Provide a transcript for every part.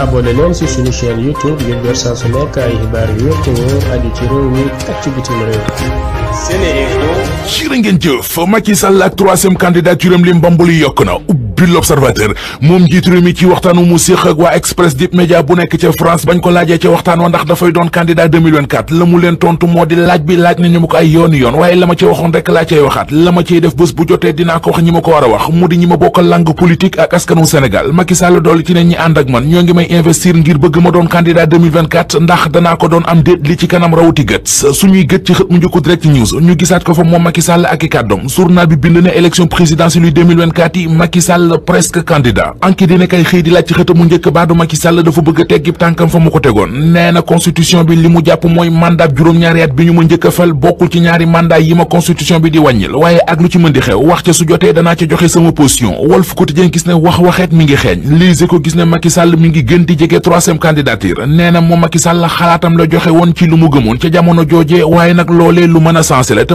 abonné leen ci suñu chaîne YouTube ngir jot saa su nekk ay xibaar yu wér te wóor aju ci réew mi ak ci bitim réew. Sénéinfo. jërë ngeen jëf Macky Sall ak troisième candidature am li mbambuli yokk na. ubbi l'observateur moom njiitu réew mi ci waxtaan wu mu séq waa express dip média bu nekk ca France bañ ko laajee ca waxtaan wa ndax dafay doon candidat la mu leen tontu moo di laaj bi laaj na ma ko ay yooni yoon waaye la ma ci waxoon rek laa cay waxaat la ma ciy def bés bu jotee dinaa ko wax ñi ma ko war a wax mu di ñi ma bokkal langue politique ak askanu Sénégal Macky dool ci ne ñi ànd ak man ñoo ngi may investir ngir bëgg ma doon candidat ndax danaa ko doon am déet Sall presque candidat anki dina kay xëy di laaj ci xëta mu njëkk baadu Macky Sall dafa bëgg a teggi tànkam fa mu ko tegoon nee na constitution bi li mu jàpp mooy mandat juróom-ñaari bi ñu ma njëkk a fal bokkul ci ñaari mandat yi ma constitution bi di wàññil waaye ak lu ci mën di xew wax ca su danaa ca joxe sama position Walf Quotidien gis ne wax waxeet mi ngi xeeñ lise ko gis ne Macky Sall ngi gën di jege troisième candidature nee a sensé la te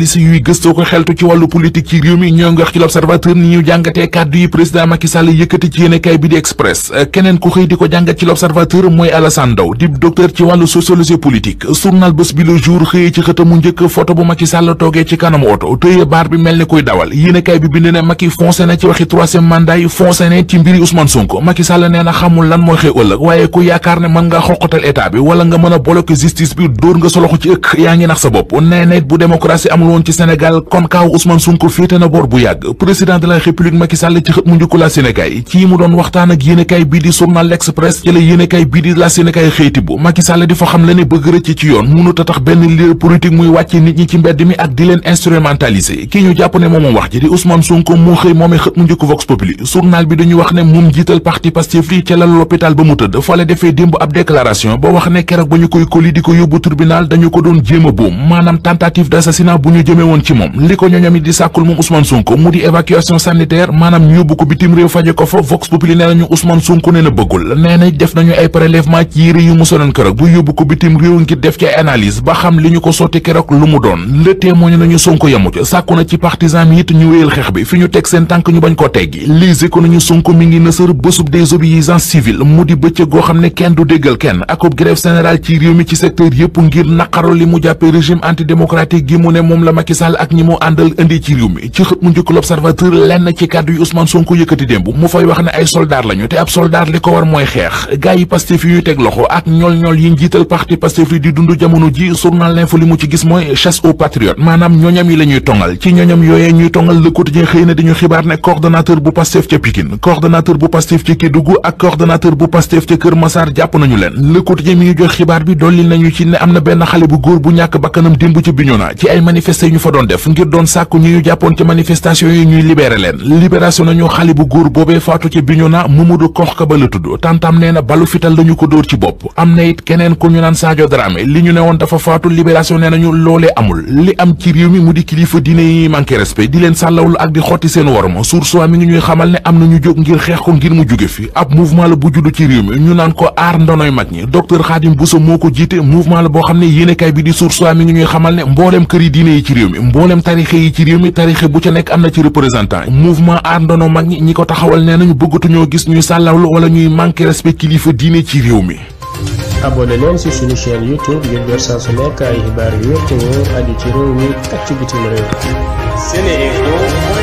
journaliste yuy gëstoo ko xeltu ci wàllu politique ci réew mi ñoo ngi wax ci l'observateur ni ñu jàngatee kàddu yi président Macky Sall yëkkati ci yéenekaay bi di express euh, keneen ku xëy di ko jàngat ci l'observateur mooy Alassane Ndao di docteur ci wàllu sociologie politique journal bés bi le jour xëyee ci xëtamu njëkk photo bu Macky Sall toogee ci kanamu oto tëye baar bi mel ni koy dawal yéenekaay bi bind ne Macky foncé na ci waxi troisième mandat yi foncé na ci mbiri Ousmane Sonko Macky Sall nee na xamul lan nga xoqatal état bi wala nga mën a bloquer justice nga soloxo ci ëkk yaa ngi nax sa woon ci Sénégal kon kaaw Ousmane Sonko féete na bor bu yàgg président de la république Macky Sall ci xët mu njëkku la Sénégal ci mu doon waxtaan ak yéenekaay bii di journal L'Express ci la yéenekaay bii di la Sénégal xëyti bu Macky Sall di fa xam la ne bëgg rëcc ci yoon mënut tax benn leader politique muy wàcce nit ñi ci mbedd mi ak di leen instrumentaliser kii ñu jàpp ne moomoom wax ji di Ousmane Sonko moo xëy moomee xët mu njëkku Vox Populi journal ñu jëme woon ci moom li ko na li ñu ko sotti keroog lu mu doon le témoin nañu Sonko yamu ca sàkku na ci partisan mi it ñu wéyal xeex bi fi ñu teg seen tànk ñu bañ ko teggi lise ko nañu Sonko mi ngi nësër bésub désobéissance civile mu di bëccëg goo xam ne kenn du déggal kenn akub grève générale ci réew mi ci secteur yëpp ngir naqaru li mu jàppe régime antidémocratique gi mu ne moom la la Macky Sall ak ñi mu àndal indi ci réew mi ci xët mu njëkk l'observateur lenn ci kàddu yu Ousmane Sonko yëkkati démb mu fay wax ne ay soldaar lañu te ab soldaar li ko war mooy xeex gars yi Pastef yu ñu teg loxo ak ñool ñool yi njiital parti Pastef li di dund jamono ji journal l'info li mu ci gis mooy chasse aux patriotes maanaam ñoñam yi la ñuy tongal ci ñoñam yooyee ñuy tongal Le Quotidien xëy na dañu bu Pastef ca Pikine coordonnateur bu ñu xibaar ne am bu góor bu ñàkk bakkanam manifester yu ñu fa doon def ngir doon sàkku ñi ñu jàppoon ci manifestation yi ñuy libéré leen libération nañu xale bu góor boobee faatu ci Bignona Mamadou Koxka ba la tudd tantam nee na balu fital dañu ko dóor ci bopp am na it keneen ku ñu naan Sadio Dramé li ñu ne woon dafa faatu libération nee nañu loolee amul li am ci réew mi mu di kilifa diine yi manqué respect di leen sàllawul ak di xotti seen warma source mi ngi ñuy xamal ne am na ñu jóg ngir xeex ko ngir mu jóge fi ab mouvement la bu judd ci réew mi ñu naan ko aar ndonoy mag ñi docteur Khadim Bousso moo ko jiite mouvement la boo xam ne yéenekaay bi di source mi ngi xamal ne mboolem kër yi diine yi ci réew mi tarixe yi ci réew mi tarixe bu ca nekk am na ci représentant mouvement aar ndono mag ñi ko taxawal nee nañu ñoo gis ñuy sàllawlu wala ñuy manqué respect kilifa diine ci réew mi abonné leen ci suñu chaîne youtube ngir saa su nekk ay xibaar yu wér te wóor aju ci réew mi ak ci réew